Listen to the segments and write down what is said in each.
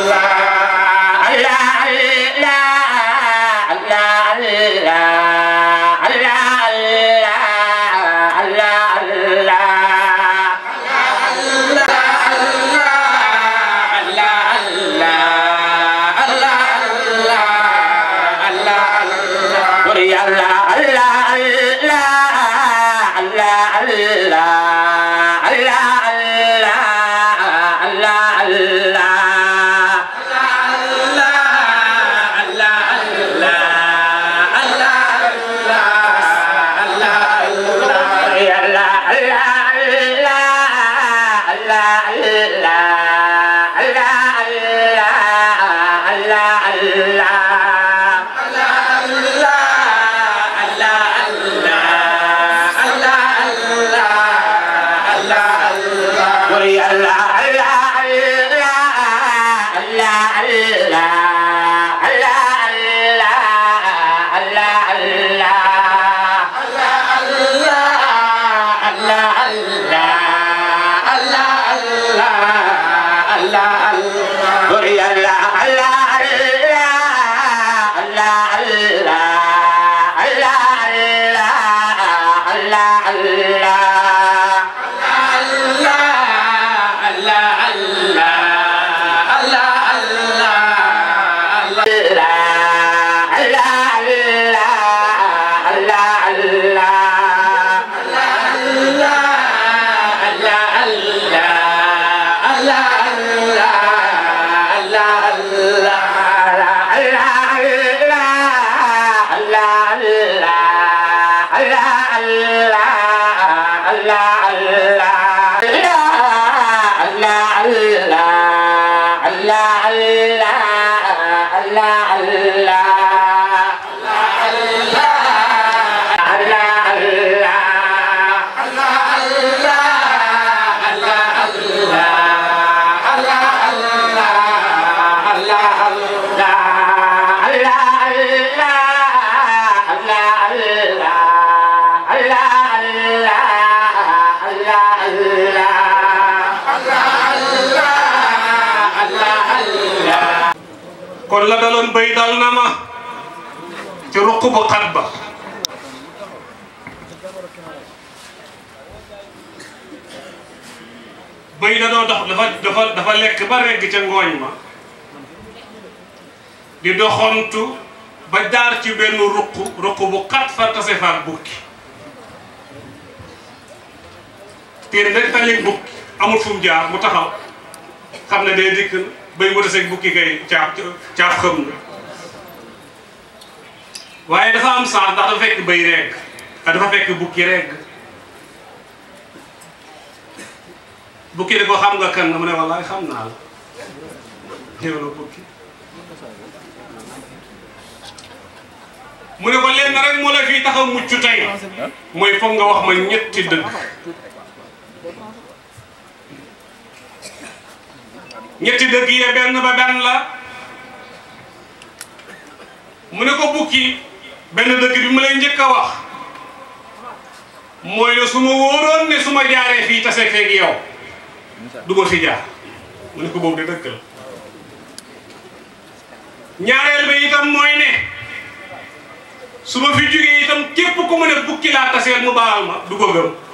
alive. kon la daloon bay dal na ma ci ruq bu xat ba bay da doo dafa dafa dafa lekk ba regg ca ngooñ ma di doxantu ba jaar ci benn ruq ruq bu xat fa tase faak bukki téere rek talig bukki amul fu mu jaar mu taxaw xam ne day dikk bay wër sëg bukki kay caaf caaf xam nga waaye dafa am sens ndax dafa fekk bay regg dafa fekk bukki regg bukki di xam nga kan mu ne wallaay xam naa la yow la bukki mu ne ko lenn rek moo la fii tax a mucc tey mooy foog nga wax ma ñetti dëgg ñetti dëgg ya benn ba benn la mu ne ko bukki benn dëgg bi mu lay njëkk a wax mooy ne suma ma wóoroon ne su jaaree fii tase feeg yow du ma fi jaar ñaareel ba itam mooy ne su ma fi jógee itam képp ku mu ne bukki laa taseel mu baal ma du ko gëm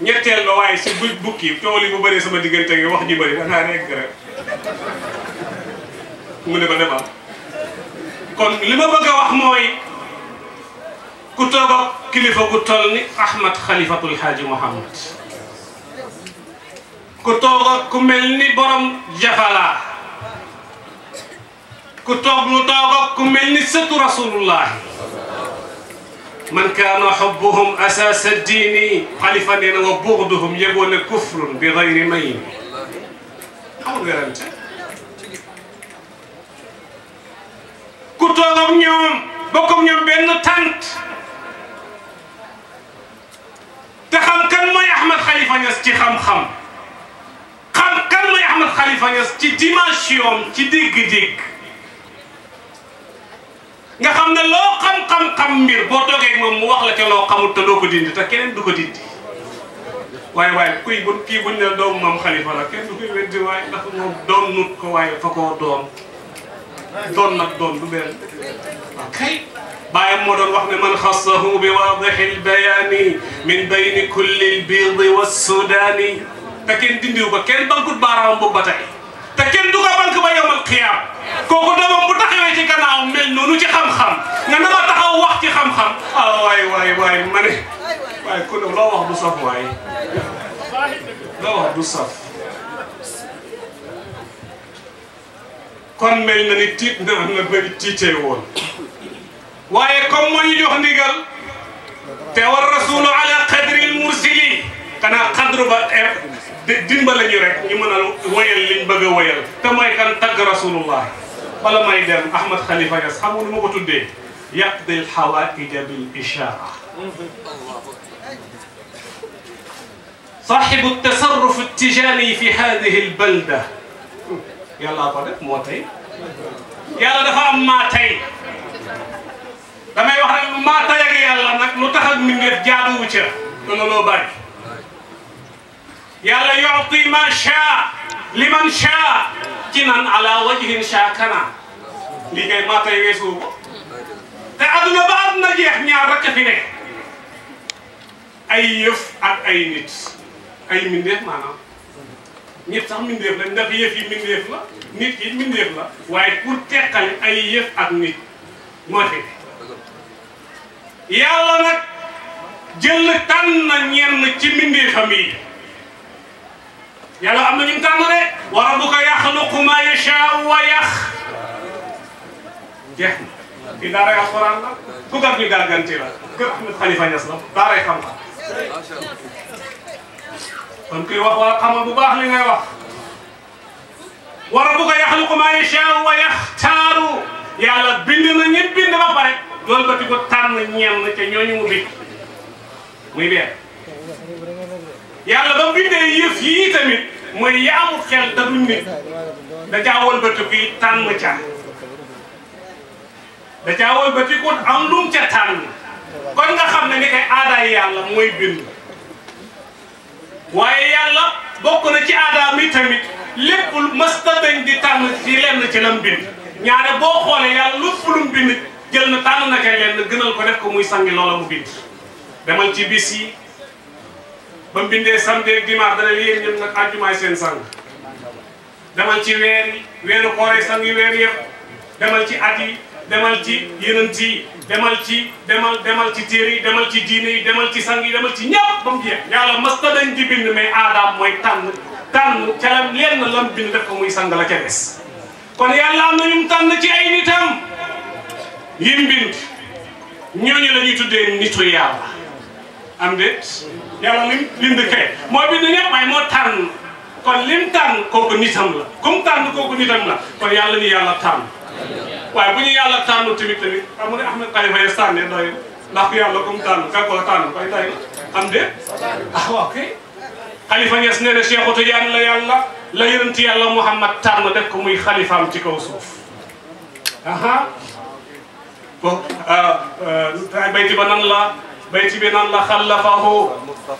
ñetteel ba si bu bukki tool yi bu bëree sama diggante ngi wax ji bëri danaa rekk rek mu ne ko demal kon li ma bëgg wax mooy ku kilifa gu toll ni Ahmad Khalifatul Haaji Muhammad ku toog ak ku ni borom jafalaa ku toog ni sëtu rasulullahi من كان حبهم أساس الدين خلفنا وبغضهم يبون كفر بغير مين كتوغم نيوم بكم نيوم بأنه تانت تخم كان ما أحمد خليفة يستي خم خم خم كان ما أحمد خليفة يستي ديماشيوم تي ديك nga xam ne loo xam-xam-xam mbir boo toogee moom mu wax la ca loo xamul te doo ko dindi te keneen du ko dindi waaye waaye kuy bu kii buñ ne doom moom xalifa la kenn du koy weddi waaye ndax moom doon nut ko waaye fa koo doon doon nag doon du benn kay bàyyam moo doon wax ne man xassahu bi waadixi lbayaani min bayni kulli lbiidi wassudaani te kenn dindiw ko kenn bankut baaraam bu ba tey te kenn du ko banque ba yowmal xiyaam kooku doomam bu taxawee ci gannaaw mel noonu ci xam-xam nga nama taxaw wax ci xam-xam ah waay waay waay ma ne waaye ku ne loo wax du saf waay loo wax du saf kon mel na ni tiit na am na bëri tiitee woon waaye comme moo ñu jox ndigal te war rasulu ala qadri l mursili kanaa qadru ba eh, dimbale ñu rek ñu mën a woyal liñ bëgg a woyal te mooy kan tagg rasulullah bala may dem Ahmad Khalifa Niass xamul nu ma ko tuddee yaqdi lxawaija bil ishaara صاحب التصرف التجاري في هذه البلدة يلا بدك موتي يلا دفع ماتي damay wax rek lu maa tayag yàlla nag lu tax ak mbindeef jaaduwu ca looloo bari yàlla yuti man shaa liman shaa ci nan ala wajhin shaa kana lii kay maa tay weesu ko te aduna ba aduna jeex ñaar rek fi nekk ay yëf ak ay nit ay mindeef maanaam ñëpp sax mindeef la ndax yëf yi mindeef la nit yi mindeef la waaye pour teqale ay yëf ak nit moo fi yàlla nag jël tànn ñenn ci mindeefam yi yàlla am na ñu mu tàmmale wa rabbuka yaxluqu ma yashaau wa yax jeex na di daaray alquran la ku gàtt ñu gàgganti la kër Ahmed Khalifa Niass la daaray xam-xam kon kuy wax wala xamal bu baax li ngay wax wa rabbuka yaxluqu ma yashaau wa yaxtaaru yàlla bind na ñëpp bind ba pare loolu ba ti ko tànn ñenn ca ñooñu mu bind muy benn yàlla ba mu bindee yëf yii tamit mooy yaamul xel te duñ nit da caa wëlbatiku yi tànn ca da caa wëlbatiku am lum ca tànn kon nga xam ne ni aadaay yàlla mooy bind waaye yàlla bokk na ci aadaam yi tamit lépp mësta di tànn ci lenn ci la bind ñaare boo xoolee yàlla lépp lum bind jël na tànn na ca lenn gënal ko def muy sangi mu bind demal ci ba mu bindee samedi ak dimanche dana yéen ñoom nag àjjumaay sang demal ci weer yi weeru xooree sang yi weer demal ci at yi demal ci yënant yi demal ci demal demal ci téere yi demal ci diine yi demal ci sang yi demal ci ñëpp ba mu jeex yàlla masta dañ di bind mais aadaam mooy tànn tànn ca lam leen na lam bind def ko muy sang la ca des kon yàlla am na ñu mu tànn ci ay nitam yim bind ñooñu la ñuy tuddee am déet yàlla lim lim bi kay moo bind ñëpp waaye moo tànn kon lim tànn kooku nitam la comme tànn kooku nitam la kon yàlla ñu yàlla tànn waaye bu ñu yàlla tànn tamit tamit xam nga Ahmed Khalifa Niass tànne doy ndax ku yàlla comme tànn ka ko tànn koy doy am déet ah waaw kay Khalifa Niass nee na Cheikh Tidiane la yàlla la yonent yàlla Muhammad tànn def ko muy xalifaam ci kaw suuf aha bon euh, euh, bayti ba nan la بيتي بن الله خلفه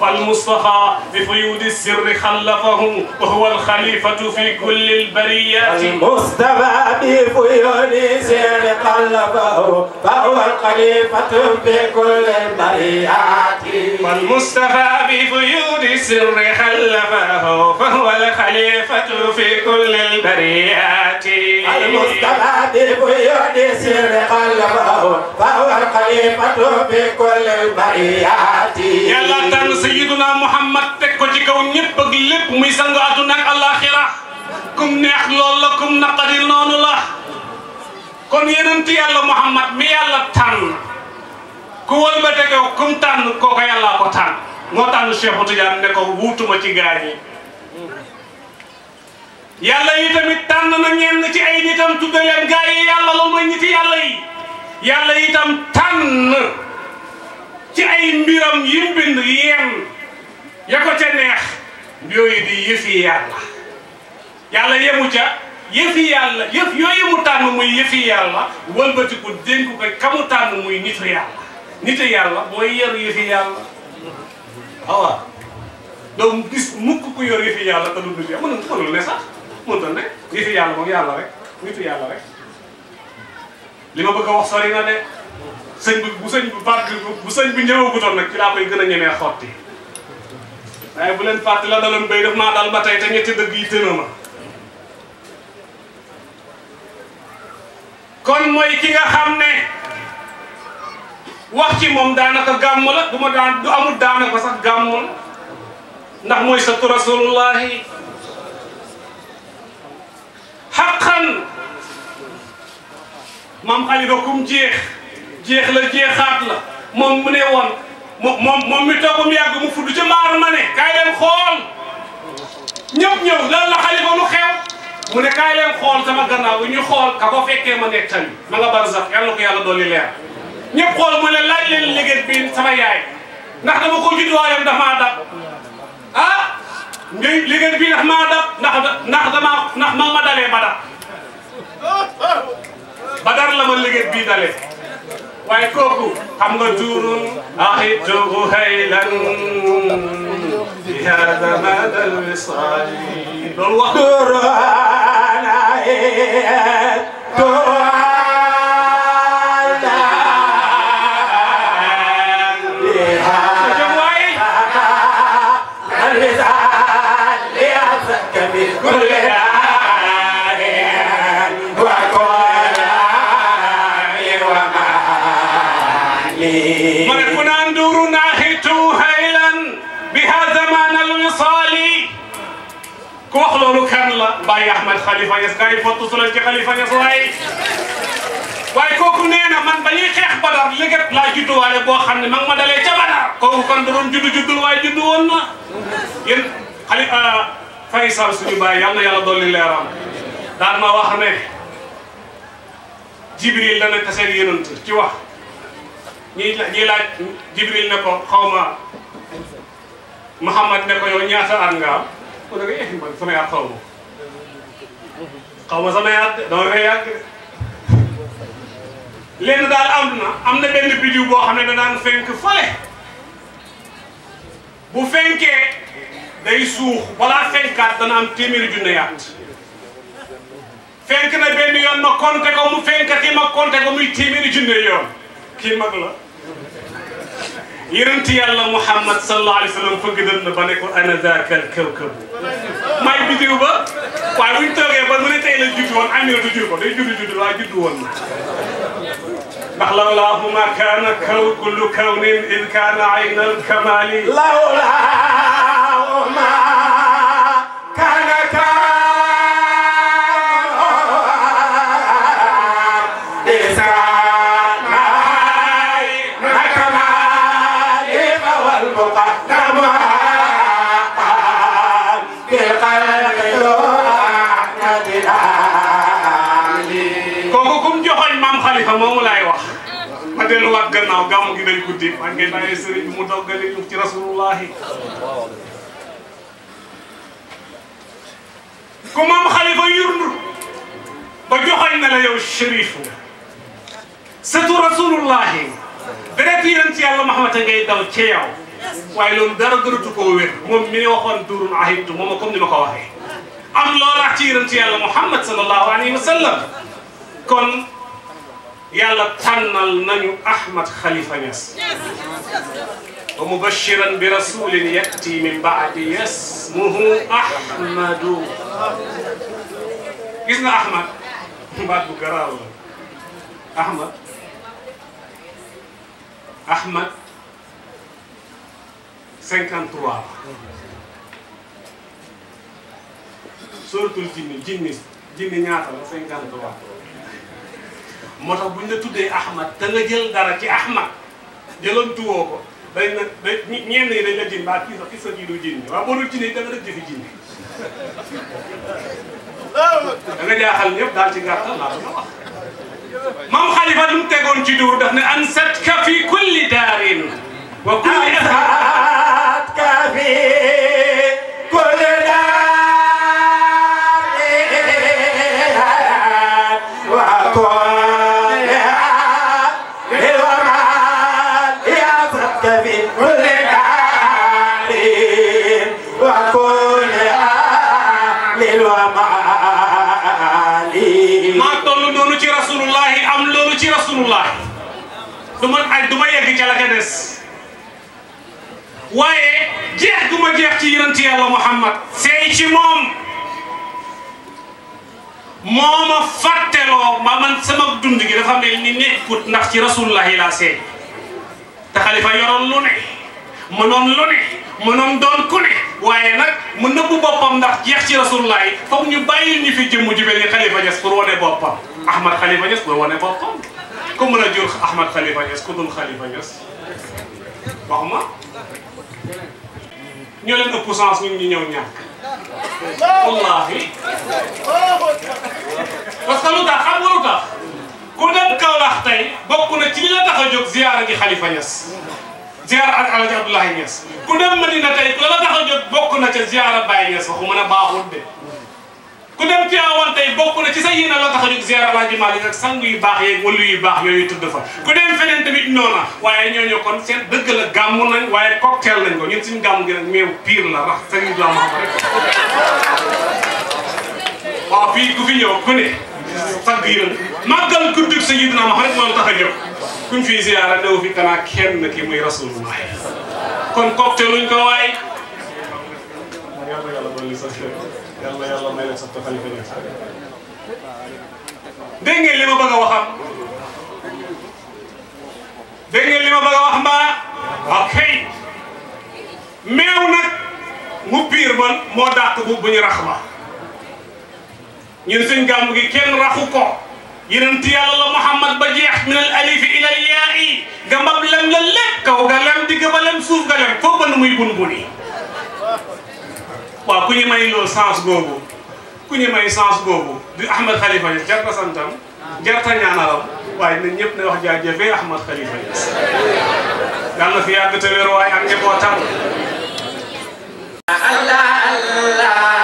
فالمصطفى بفيود السر خلفه وهو الخليفة في كل البريات المصطفى بفيود السر خلفه فهو الخليفة في كل البريات فالمصطفى بفيود السر خلفه فهو الخليفة في كل البريات المصطفى بفيود السر خلفه فهو الخليفة في كل البريات bariyati yàlla tànn sayyiduna Muhammad teg ci kaw ñëpp ak lépp muy sangu àdduna ak àllaaxira kum neex loolu la kum naqari noonu la kon yonent yàlla Muhammad mi yàlla tànn ku wëlbate ko kum tànn kooku yàlla ko tànn moo tànn Cheikh ne ko wuutuma ci gaañi yàlla yi tamit tànn na ñenn ci ay nitam tudde leen gaa yi yàlla lu muy niti yàlla yi yàlla itam ci ay mbiram yim bind yeen ya ko ca neex yooyu di yëfi yàlla yàlla yemu ca yëfi yàlla yëf yooyu mu tànn muy yëfi yàlla wëlbatiku dénk ko kamu tànn muy nitu yàlla nitu yàlla booy yor yëfi yàlla waaw doo gis mukk ku yor yëfi yàlla te du dul yàlla mën mënul ne sax mënta ne yëfi yàlla moom yàlla rek nitu yàlla rek li ma bëgg a wax sori na sëñ bu sëñ bu parti bu sëñ bi ñëwagutoon nag ki laa koy gën a ñemee xotti waaye bu leen fàtte la daloon béy daf maa dal ba tey te ñetti dëgg yi tëna ma kon mooy ki nga xam ne wax ci moom daanaka gàmm la du ma daan amul daanaka sax gàmm ndax mooy sa tu rasulullahi xaqan maam xali jeex jeex la jeexaat la moom mu ne woon moom moom mi toog mu yàgg mu fudd ci maar ma ne kaay leen xool ñëpp ñëw lan la xalifa lu xew mu ne kaay leen xool sama gannaaw ñu xool ka ko fekkee ma nettali ma nga barsax yàlla ko yàlla dolli leer ñëpp xool mu ne laaj leen liggéey bi sama yaay ndax dama ko judd waayoon dafa maa dab ah liggéey bi ndax maa dab ndax ndax dama ndax ma ma ba dab la ma liggéey bii dalee waaye kooku xam nga juurun ahituhu haylan bihada mada alwisali loolu wax التسليم ونحن أندور ناهتو هيلا بها زمان الوصال كوحلو كان لا باي أحمد خليفة يسكاي فتصل خليفة يسوي man ba ñuy xeex badar légat laa judduwaale boo xam ne mag ma dalee ca badar kooku kon da doon juddu juddul waaye juddu woon na yéen xali jibril ya ñi ñi laaj Jibril ne ko xaw ma Muhammad ne ko yow ñaata at am mu yaat eh, xaw ma xaw yaat de dama lenn daal am na am na benn bidiw boo xam ne danaan fenk fale bu fenkee day suux balaa fenkaat dana am téeméeri junne yaat fenk na benn yoon ma konte ko mu fenkati ma konte ko muy téeméeri junne yoon kii la yonent yàlla Muhammad sallallahu alayhi wa sallam fëgg dem na ba ne ko ana zaaka al kawkab may bidiw ba waaye bu ñu toogee ba mu ne tey la judd woon Amina du jur ko day judd judd waaye judd woon na ndax lawlaahu ma kaana kaw kullu kawnin in kaana ayna al kamaali lawlaahu ma gàmmu laay wax ma delluwaat gannaaw gàmmu gi day guddi man ngeen bàyyi sëriñ bi mu doggali ñu ci rasulullahi ku maam xalifa yurndu ba joxoñ na la yow shérifu sëtu rasulullahi deret yonent yàlla Muhammad ngay daw ci yow waaye loolu dara gënatu koo wér moom mi ne waxoon duurun ahibtu moom comme ni ma ko waxee am loolaa ci yonent yàlla Muhammad sallallahu alayhi wa sallam kon يلا تنال نانيو احمد خليفه ناس ومبشرا برسول ياتي من بعد اسمه احمد اسم احمد بعد بكره احمد احمد 53 سورة الجن جن جن ñata 53 moo tax buñ la tuddee ahmad te nga jël dara ci ahmad jëloon tuwoo ko dañ na da ñenn yi dañ la jin baa ah, kii sax kii sax kii du jinni waaw boo dul jinni da nga def jëfi jinni da nga jaaxal ñëpp daal ci gàttal laa dama wax moom xalifa lu mu tegoon ci duur daf ne ansat ka fi kulli daarin wa kulli asaat ka fi rasulullah ma yegg ca la waaye jeex gu ma jeex ci yonent yàlla muhammad la ci moom moo ma fàtteloo ma man sama dund gi dafa mel ni nekkut ndax ci rasulullah yi laa seey te xalifa yoroon lu ne mënoon lu ne mënoon doon ku ne waaye nag mu nëbbu boppam ndax jeex ci rasulullah yi foog ñu bàyyi ñu fi jëmm ju mel ni xalifa wane boppam ahmad xalifa Ñas wane boppam ku mën a jur Ahmad Khalifa Niass ku dul Khalifa Niass waxuma ñoo leen ëpp chance ñun ñu ñëw ñàkk wallahi parce que lu tax xam nga lu tax ku dem Kaolack tey bokk na ci li la tax a jóg ziyaara gi Khalifa Niass ziyaara ak Alhaji Abdoulaye Niass ku dem Madina tey ku la tax a jóg bokk na ca ziyaara Baye Niass waxu mën a baaxul de ku dem Tiwaawan tey bokk na ci sa la tax a jóg ziar Alaaji Maalik ak yu baax yeeg wàllu yu baax yooyu tudd fa ku dem feneen tamit noona waaye ñooñu kon seen dëgg la gàmmu nañ waaye cocktail nañ ko ñun suñu gàmmu gi nag meew pire la rax sëriñ bi ma ko rek waaw fii ku fi ñëw ku ne tagg yéen a jóg ziara dew fi kanaa kenn ki muy Rasulullah kon cocktail luñ ko may la sax te xalifa ñëw dégg ngeen li ma bëgg a waxam ma bëgg a meew nag mu biir man moo dàq bu bu ñu rax ma gi kenn raxu ko yeneen ti la Muhammad ba min alifi ila al yaa'i nga mab lem la lépp kaw ga lem digg ba lem suuf ga lem foo ba nu muy bun buni waaw ku ñu may loolu sens boobu كوني ما يسانس بوبو دي احمد خليفه جرب سانتام جرب تاني انا لو واي من يب نوح جا جبي احمد خليفه قال في عبد الله رواي عن جبوتان الله الله